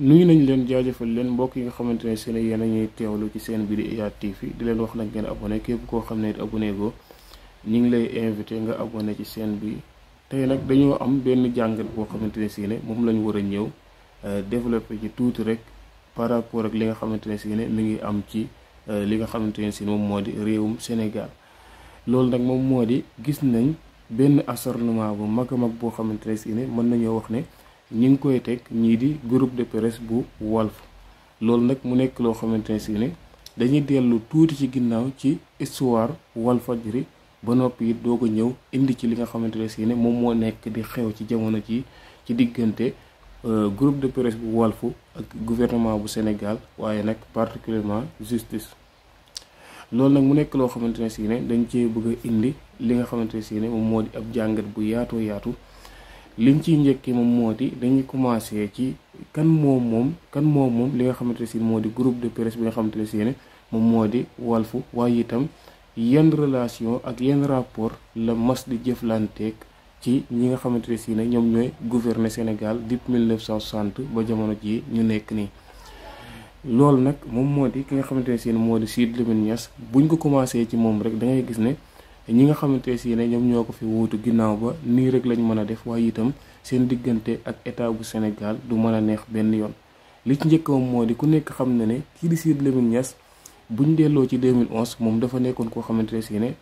nuyu nañ leen jaajëfal leen mbokk yi nga xamante ne seen yéen a ñuy teewlu ci seen bi biir IYAT TV di leen wax nag ngeen abonné képp koo xam ne abonné go ñu ngi lay invité nga abonné ci seen bi tey nag dañoo am benn jàngat boo xamante ne si ne moom lañ war a ñëw euh, développé ci tuuti rek par rapport ak li nga xamante ne si ne mi ngi am ci euh, li nga xamante ne si moom moo di réewum Sénégal loolu nag moom moo di gis nañ benn acharnement bu mag a boo xamante ne si ne mën nañoo wax ne. ñu ngi koy teg ñii di groupe de presse bu Walf loolu nag mu nekk loo xamante ne si ne dañuy dellu tuuti ci ginnaaw ci histoire Walfadjri ba noppi it doog a ñëw indi ci li nga xamante ne si ne moom moo nekk di xew ci jamono ji ci diggante euh, groupe de presse bu walfu ak gouvernement bu Sénégal waaye nag particulièrement justice loolu nag mu nekk loo xamante ne si ne dañ cee bëgg indi li nga xamante ne si ne moom moo di ab jàngat bu yaatoo yaatu liñ ciy njëkkee moom moo di dañuy commencé ci kan moom moom kan moom moom li nga xamante ne si moo di groupe de presse bi nga xamante ne si ne moom moo di Walfu waaye itam yenn relation ak yenn rapport la mas di jëflanteeg ci ñi nga xamante ne si ne ñoom ñooy gouverner Sénégal depuis 1960 ba jamono jii ñu nekk nii. loolu nag moom moo di ki nga xamante ne si ne moo di Sidy Lamine Niass buñ ko commencé ci moom rek da ngay gis ne. ñi nga xamante si ne ñoom ñoo ko fi wuutu ginnaaw ba nii rek lañ mën a def waaye itam seen diggante ak état bu Sénégal du mën a neex benn yoon li ci njëkkam moo di ku nekk xam na ne kii di Sidy Lamine Niass buñ delloo ci 2011 moom dafa nekkoon koo xamante si ne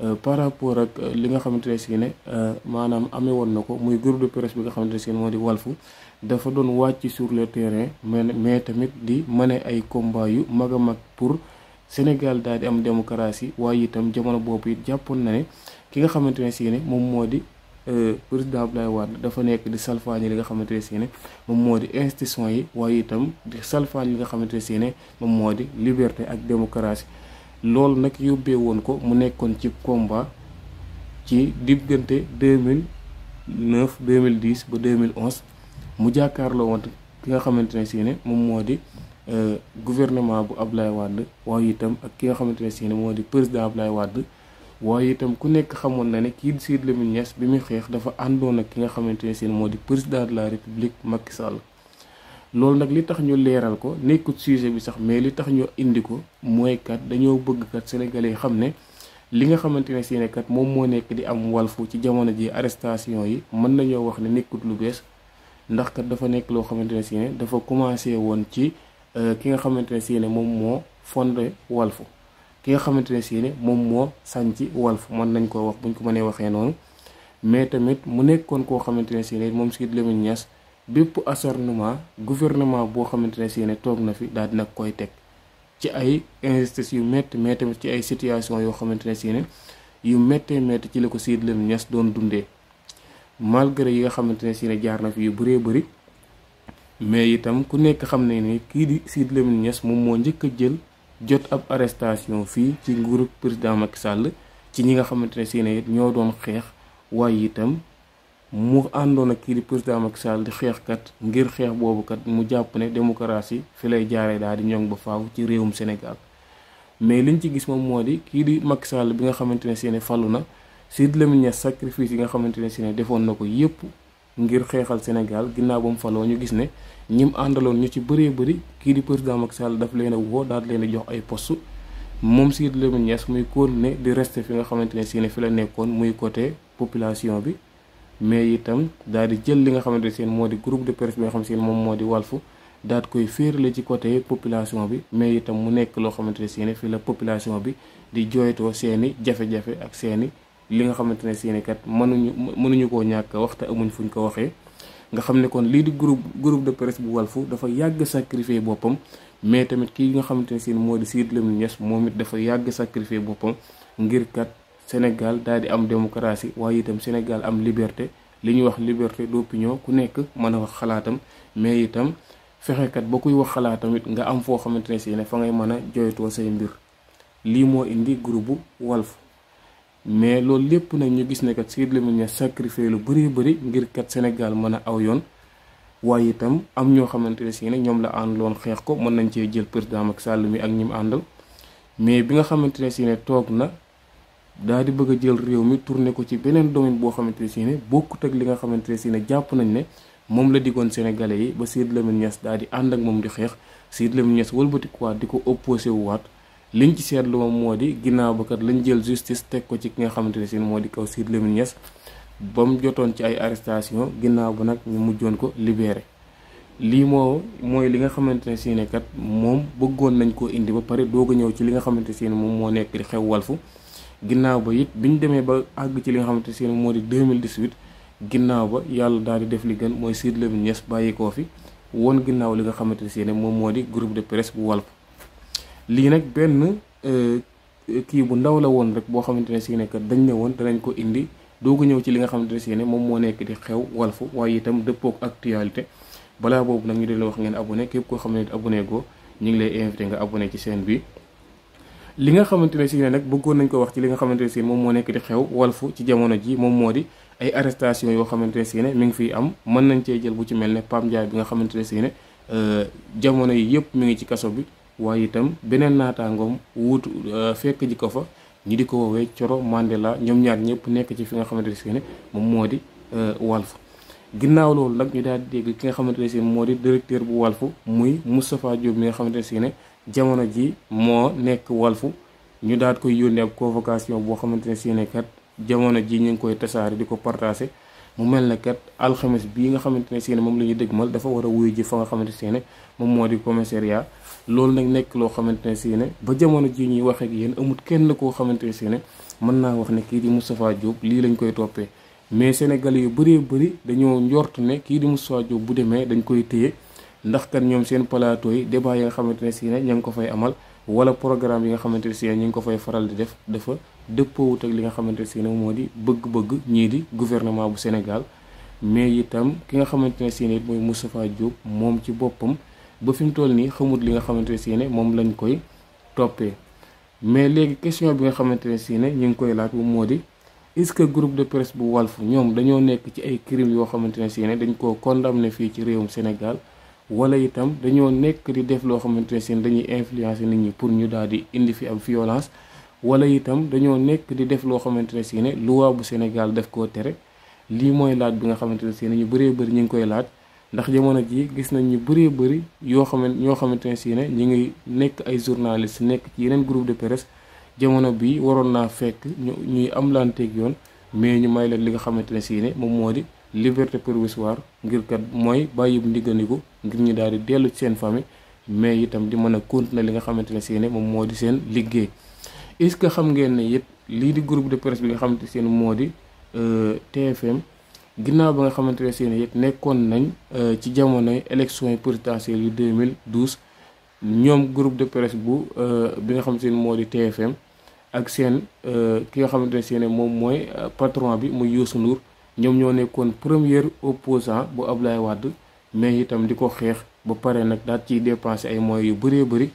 euh, par rapport ak euh, li nga xamante si ne euh, maanaam amee woon na ko muy groupe de presse bi nga xamante si ne moo di Walfu dafa doon wàcc sur le terrain mais mais tamit di mane ay combat yu mag a mag pour Sénégal daal di am démocratie waaye itam jamono boobu it jàppoon na ne ki nga xamante ne si ne moom moo di euh, président Abdoulaye Wade dafa nekk di salfaañi li nga xamante ne si ne moom moo di institution yi waaye itam di salfaañi li nga xamante ne si ne moom moo di liberté ak démocratie loolu nag yóbbee woon ko mu nekkoon ci komba ci diggante mille 2010 ba mille 2011 mu jàkkaarloo woon ki nga xamante ne si ne moom moo di. Euh, gouvernement bu ab Abdoulaye Wade waaye itam ak ki nga xamante ne si ne moo di président lay Wade waaye itam ku nekk xamoon na ne kii di Sidy bi muy xeex dafa àndoon ak ki nga xamante ne si moo di président de la république Macky loolu nag li tax ñu leeral ko nekkut sujet bi sax mais li tax ñu indi ko mooy dañoo bëgg kat sénégalais xam ne li nga xamante ne si moom moo nekk di am walfu ci jamono ji arrestation yi mën nañoo wax ne nekkut lu bees ndax kat dafa nekk loo xamante ne si dafa commencé woon ci. Euh, ki nga xamante ne si ne moom moo fonde walfu ki nga xamante ne si ne moom moo sànci Walf mën nañ koo wax buñ ko mënee waxee noonu mais tamit mu nekkoon koo xamante ne si moom Sidy Lamine Niass bépp assornement gouvernement boo xamante ne si ne toog na fi daal dina koy teg ci ay injustice yu métti mais tamit ci ay situation yoo xamante ne si yu méttee métti ci la ko Sidy Lamine Niass doon dundee malgré yi nga xamante ne si ne jaar na fi yu bëree bëri. mais itam ku nekk xam ne ni kii di Sidy Lamine Niass moom moo njëkk a jël jot ab arrestation fii ci nguurug président Macky Sall ci ñi nga xamante ne seen ñoo doon xeex waaye itam mu àndoon a kii di président Macky sàll di kat ngir xeex boobu kat mu jàpp ne démocratie fi lay jaaree daal di ñoŋ ba faaw ci réewum Sénégal mais liñ ci gis moom moo di kii di Macky Sall bi nga xamante ne seen falu na Sidy Lamine Niass sacrifice yi nga xamante ne seen defoon na ko yépp ngir xeexal Sénégal ginnaaw ba mu faloo ñu gis ne ñim àndaloon ñu ci bëree bëri kii di président Macky Sall daf leen woo daal leen di jox ay poste moom Sidy Lamine Niass muy continuer di rester fi nga xamante ne si fi la nekkoon muy côté population bi mais itam daal di jël li nga xamante seen moo di groupe de presse bi nga xam seen moom moo di Walfu daal di koy ci côté population bi mais itam mu nekk loo xamante ne si ne fi la population bi di jooytoo seeni jafe-jafe ak seeni li nga xamante ne seeni kat mënuñu mënuñu koo ñàkk waxte amuñ fu ñu ko waxee nga xam ne kon lii di groupe groupe de presse bu Walfu dafa yàgg sacrifier boppam mais tamit kii nga xamante ne seeni moo di Sidy Lamine Niass moom it dafa yàgg sacrifier boppam ngir kat Sénégal dal di am démocratie waaye itam Sénégal am liberté li ñuy wax liberté d'opinion ku nekk mën a wax xalaatam mais itam fexekat ba kuy wax xalaatam tamit nga am foo xamante ne si ne fa ngay mën a joytoo say mbir lii moo indi groupe bu mais loolu lépp nag ñu gis ne kat Sidy Lamine Niass lu bëri bëri ngir kat Sénégal mën a aw yoon waaye itam am ñoo xamante ne si ne ñoom la loon xeex ko mën nañ cee jël président Macky sàll mi ak ñi àndal mais bi nga xamante ne si ne toog na daal di bëgg a jël réew mi tourné ko ci beneen domaine boo xamante ne si ne bokkut ak li nga xamante ne si ne jàpp nañ ne moom la diggoon Sénégalais yi ba Sidy Lamine Niass daal di ànd ak moom di xeex Sidy Lamine Niass wëlbatikuwaat di ko opposé wuwaat liñ ci seetlu moom moo di ginnaaw ba kat lañ jël justice teg ko ci ki nga xamante ne si moo di kaw Sidy Lamine Niass ba mu jotoon ci ay arrestation ginnaaw ba nag ñu mujjoon ko libéré. lii moo mooy li nga xamante ne si ne kat moom bëggoon nañ koo indi ba pare doog ñëw ci li nga xamante si moom moo nekk di xew walfu ginnaaw ba it biñ demee ba àgg ci li nga xamante si ne moo di 2018 ginnaaw ba yàlla daal di def li gën mooy Sidy Lamine Niass bàyyi koo fi woon ginnaaw li nga xamante si ne moom moo di groupe de presse bu walfu lii nag benn euh, kii bu ndaw la woon rek boo xamante ne si ne que dañ ne woon danañ ko indi doogu ñëw ci li nga xamante ne ne moom moo nekk di xew Walf waaye itam dëppook actualité balaa boobu nag ñu di la wax ngeen abonné képp koo xam ne abonné go ñu ngi lay invité nga abonné ci chaîne bi li nga xamante ne si ne nag bëggoon nañ ko wax ci li nga xamante ne si moom moo nekk di xew Walf ci jamono ji moom moo di ay arrestation yoo xamante ne si ne mi ngi fi am mën nañ cee jël bu ci mel ne Pape Ndiaye bi nga xamante ne si ne euh, jamono yi yëpp mi ngi ci kaso bi waaye itam beneen naataangoom wuutu euh, fekk ji ko fa ñi di ko woowee Coro Mandela ñoom ñaar ñëpp nekk ci fi nga xamante ne moom moo di euh, Walf ginnaaw loolu nag ñu daal di dégg ki nga xamante ne moo di directeur bu Walf muy Moustapha Diop mi nga xamante ne jamono ji moo nekk walfu ñu daal koy yónnee ab convocation boo xamante ne kat jamono ji ñu ngi koy tasaare di ko partagé. mu mel ne kat alxames bii nga xamante ne si moom la ñuy dëgmal dafa war a wuyu ji fa nga xamante si ne moom moo di commissariat loolu nag nekk loo xamante ne si ne ba jamono ji ñuy wax ak yéen amut kenn koo xamante ne si ne mën naa wax ne kii di Moustapha Diop lii lañ koy toppee mais sénégalais yu bëree bëri dañoo njort ne kii di Moustapha Diop bu demee dañ koy téye ndax kat ñoom seen plateau yi débat yi nga xamante ne si ne ña ngi ko fay amal wala programme yi nga xamante ne si ñu ngi ko fay faral di def dafa dëppoowut ak li nga xamante ne si ne moo di bëgg-bëgg ñii di gouvernement bu Sénégal mais itam ki nga xamante ne si ne mooy Moustapha Diop moom ci boppam ba fi mu toll nii xamut li nga xamante ne si ne moom lañ koy toppee mais léegi question bi nga xamante ne si ne ñu ngi koy laaj bu moo di est-ce que groupe de presse bu Walf ñoom dañoo nekk ci ay crimes yoo xamante ne si ne dañ koo condamné fii ci réewum Sénégal wala itam dañoo nekk di def loo xamante ne seen dañuy influencer nit ñi pour ñu daal di indi fi ab violence wala itam dañoo nekk di def loo xamante ne si ne loi bu Sénégal def koo tere lii mooy laaj bi nga xamante ne si ne ñu bëree bëri ñu ngi koy laaj ndax jamono ji gis nañ ñu bëree bëri yoo xamant ñoo xamante ne si ne ñu ngi nekk ay journaliste nekk ci yeneen groupe de presse jamono bi waroon naa fekk ñu ñuy am lanteeg yoon mais ñu may leen li nga xamante ne si ne moom moo di liberté provisoire ngir kat mooy bàyyi ndigganiku ngir ñu daal di dellu ci seen famille mais itam di mën a continuer li nga xamante ne si moom moo di seen liggéey est-ce que xam ngeen ne it lii di groupe de presse bi nga xamante ne seen moo di euh, TFM ginnaaw ba nga xamante ne seen it nekkoon nañ euh, ci jamonoy élection présidentielle yu 2012 ñoom groupe de presse bu euh, bi nga xamante ne moo di TFM ak seen ki nga xamante ne seen moom mooy patron bi muy Youssou Ndour ñoom ñoo nekkoon premier opposant bu Ablaye wadd mais itam di ko xeex ba pare nag daal ciy dépensé ay moyens yu bëree bëri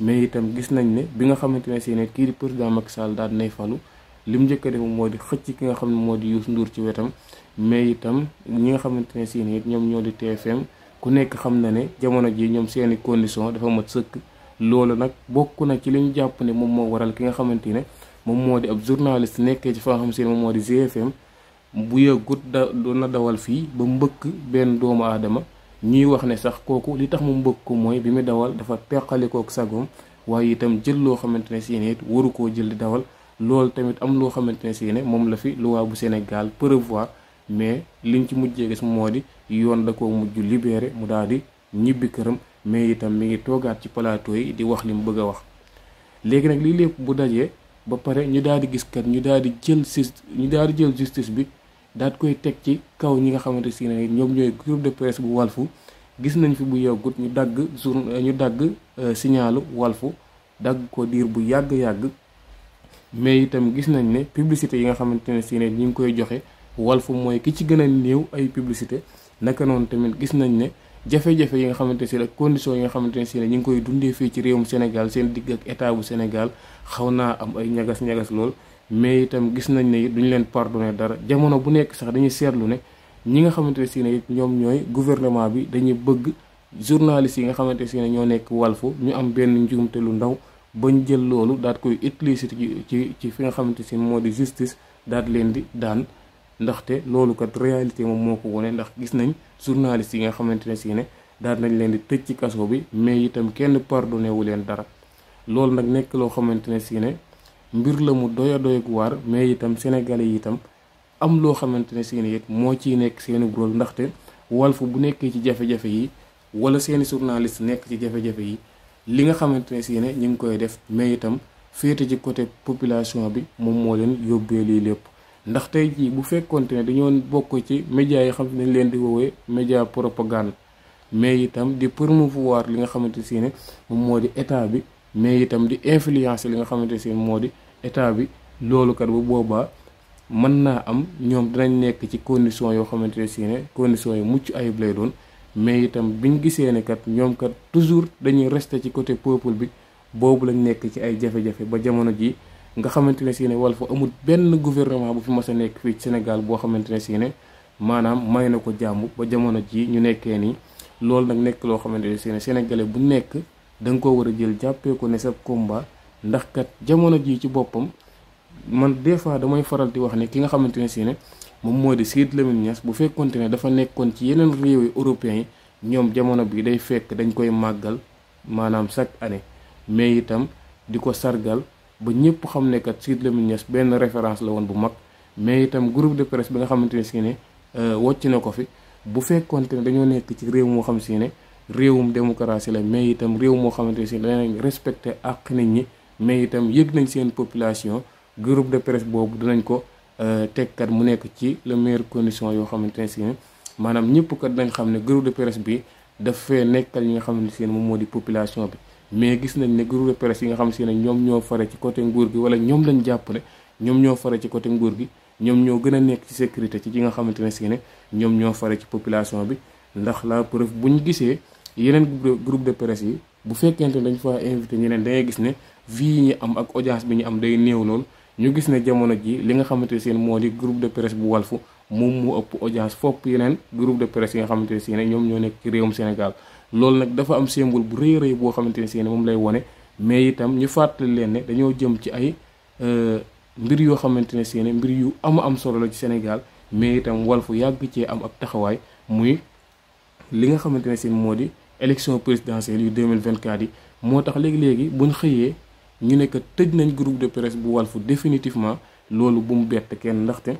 mais itam gis nañ ne bi nga xamante ne seen kii di président Macky nay falu lim njëkk a def moo di xëcc ki nga xam ne moo di Youssou ci wetam mais itam ñi nga xamante ne seen it ñoom ñoo di TFM ku nekk xam na ne jamono ji ñoom seeni condition dafa ma sëkk loolu nag bokk na ci li ñu jàpp ne moom moo waral ki nga xamante ne moom moo di ab journaliste nekkee ci fa nga xam si ne moom moo di GFM bu yëgut da na dawal fii ba mbëkk benn doomu aadama ñuy wax ne sax kooku li tax mu mbëkk ko mooy bi mu dawal dafa teqalikook sagoom waaye itam jël loo xamante ne si waru koo jël di dawal loolu tamit am loo xamante ne si ne moom la fi loi bu Sénégal prévoir mais liñ ci mujjee gis moo di yoon da koo mujj libéré mu daal di ñibbi këram mais itam mi ngi toogaat ci palaato yi di wax li mu bëgg a wax léegi nag lii lépp bu dajee ba pare ñu daal di gis kat ñu daal di jël justice ñu daal di jël justice bi daat koy teg ci kaw ñi nga xamante si ne ñoom ñooy groupe de presse bu walfu gis nañ fi bu yàggut ñu dagg jour ñu dagg euh, signalu walfu dagg ko diir bu yàgg-yàgg mais itam gis nañ ne publicité yi nga xamante ne si ne ngi koy joxe walfu mooy ki ci gën a néew ay publicité naka noonu tamit gis nañ ne jafe-jafe yi nga xamante ne si ne condition yi nga xamante ne si ne ñi ngi koy dundee fii ci réewum Sénégal seen digg ak état bu Sénégal xaw naa am ay ñagas-ñagas lool mais itam gis nañ ne it duñu leen pardonné dara jamono bu nekk sax dañuy seetlu ne ñi nga xamante ne si ne it ñoom ñooy gouvernement bi dañuy bëgg journalistes yi nga xamante ne si ñoo nekk walfu ñu am benn njuumte lu ndaw bañ jël loolu daat koy utiliser ci ci fi nga xamante si moo di justice daat leen di daan ndaxte loolu kat réalité moom moo ko wone ndax gis nañ journalistes yi nga xamante ne si ne daal nañ leen di tëj ci kaso bi mais itam kenn pardonné wu leen dara loolu nag nekk loo xamante ne si ne mbir la mu doy a doyag waar mais itam sénégalais yi itam am loo xamante ne seeni it moo ciy nekk seeni rôle ndaxte fu bu nekkee ci jafe-jafe yi wala seeni journaliste nekk ci jafe-jafe yi li nga xamante ne seeni ñu ngi koy def mais itam féete ci côté population bi moom moo leen yóbbee lii lépp ndaxte tey jii bu fekkonte ne dañoo bokk ci média yi xam nañ leen di woowee média propagande mais itam di promouvoir li nga xamante ne moom moo di état bi mais itam di influencer li nga xamante si moo di état bi loolu kat bu boobaa mën naa am ñoom dinañ nekk ci condition yoo xamante ne si ne conditions yi mucc ayib lay doon mais itam biñ gisee ne kat ñoom kat toujours dañuy rester ci côté peuple bi boobu lañ nekk ci ay jafe-jafe ba jamono ji nga xamante ne si ne wala fa amul benn gouvernement bu fi ma a nekk fii Sénégal boo xamante ne si ne maanaam may na ko jàmb ba jamono ji ñu nekkee nii loolu nag nekk loo xamante ne si ne sénégalais bu nekk da nga koo war a jël jàppee ko ne sa combat ndax kat jamono jii ci boppam man des fois damay faral di wax ne ki nga xamante ne si ne moom moo di Sidy Lamine Niass bu fekkonte ne dafa nekkoon ci yeneen réew yi européens ñoom jamono bi day fekk dañ koy màggal maanaam chaque année mais itam di ko sargal ba ñëpp xam ne kat Sidy Lamine Niass benn référence la woon bu mag mais itam groupe de presse bi nga xamante ne si ne euh, wocc na ko fi bu fekkonte ne dañoo nekk ci réew moo xam si ne réewum démocratie la mais itam réew moo xamante si danañ respecté ak nit ñi mais itam yëg nañ seen population groupe de presse boobu dinañ ko euh, tegkat mu nekk ci le meilleure condition yoo xamante ne si maanaam ñëpp kat dañ xam ne groupe de presse bi daf fee nekkal ñi nga xamante si moom moo di population bi mais gis nañ ne groupe de presse yi nga xam si ne ñoom ñoo fare ci côté nguur gi wala ñoom lañ jàpp ne ñoom ñoo fare ci côté nguur gi ñoom ñoo gën a nekk ci sécurité ci ci nga xamante ne si ne ñoom ñoo fare ci population bi ndax la preuve gisee yeneen groupe de presse yi bu fekkente dañ fa invité ñeneen da ngay gis ne vie yi ñu am ak audience bi ñu am day néew noonu ñu gis ne jamono ji li nga xamante seen moo di groupe de presse bu Walfu moom moo ëpp audience fopp yeneen groupe de presse yi nga xamante ne si ne ñoom ñoo nekk ci réewum Sénégal loolu nag dafa am symbole bu rëy rëy boo xamante ne si ne moom lay wone mais itam ñu fàttali leen ne dañoo jëm ci ay euh, mbir yoo xamante ne si mbir yu am am solo la ci Sénégal mais itam Walfu yàgg cee am ak taxawaay muy li nga xamante ne seen moo di élection présidentielle yu 2024 yi moo tax léegi-léegi buñ xëyee ñu ne que tëj nañ groupe de presse bu Walfu définitivement loolu bu mu bett kenn ndaxte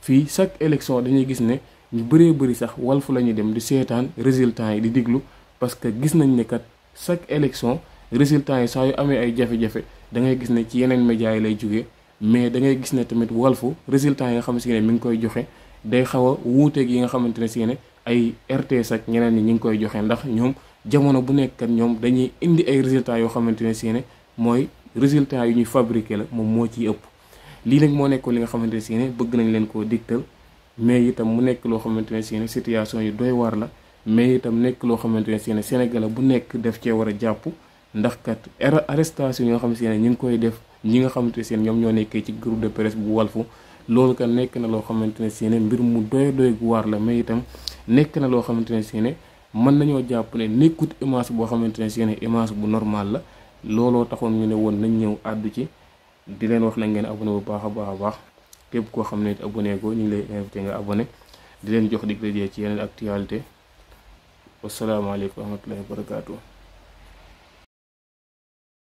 fii chaque élection dañuy gis ne ñu bëree bëri sax Walfu la ñuy dem di seetaan résultats yi di diglu parce que gis nañ ne kat chaque élection résultats yi saa yu amee ay jafe-jafe da gis ne ci yeneen médias yi lay jógee mais da ngay gis ne tamit Walfu résultats yi nga xam si ne mi ngi koy joxe day xaw a wuuteeg yi nga xamante ne si ne ay RTS ak ñeneen ñi ñu ngi koy joxee ndax ñoom jamono bu nekk kat ñoom dañuy indi ay résultats yoo xamante ne si ne mooy résultats yu ñuy fabriqué la moom moo ciy ëpp. lii nag moo nekkoon li nga xamante ne si ne bëgg nañ leen koo digtal mais itam mu nekk loo xamante ne si situation yu doy waar la mais itam nekk loo xamante ne si ne bu nekk def cee war a jàpp ndax kat arrestation yoo xam ne si ne ñu ngi koy def ñi nga xamante ne ñoom ñoo nekkee ci groupe de presse bu Walfu. loolu ka nekk na loo xamante ne si ne mbir mu doy doy gu waar la mais itam nekk na loo xamante ne si ne mën nañoo jàpp ne nekkut image boo xamante ne si ne image bu normal la looloo taxoon ñu ne woon nañ ñëw àddu ci di leen wax na ngeen abonné bu baax a baax a baax képp koo xam ne abonné ko ñu ngi lay invité nga abonné di leen jox dig daje ci yeneen actualité wasalaamaaleykum wa rahmatullahi wa barakaatu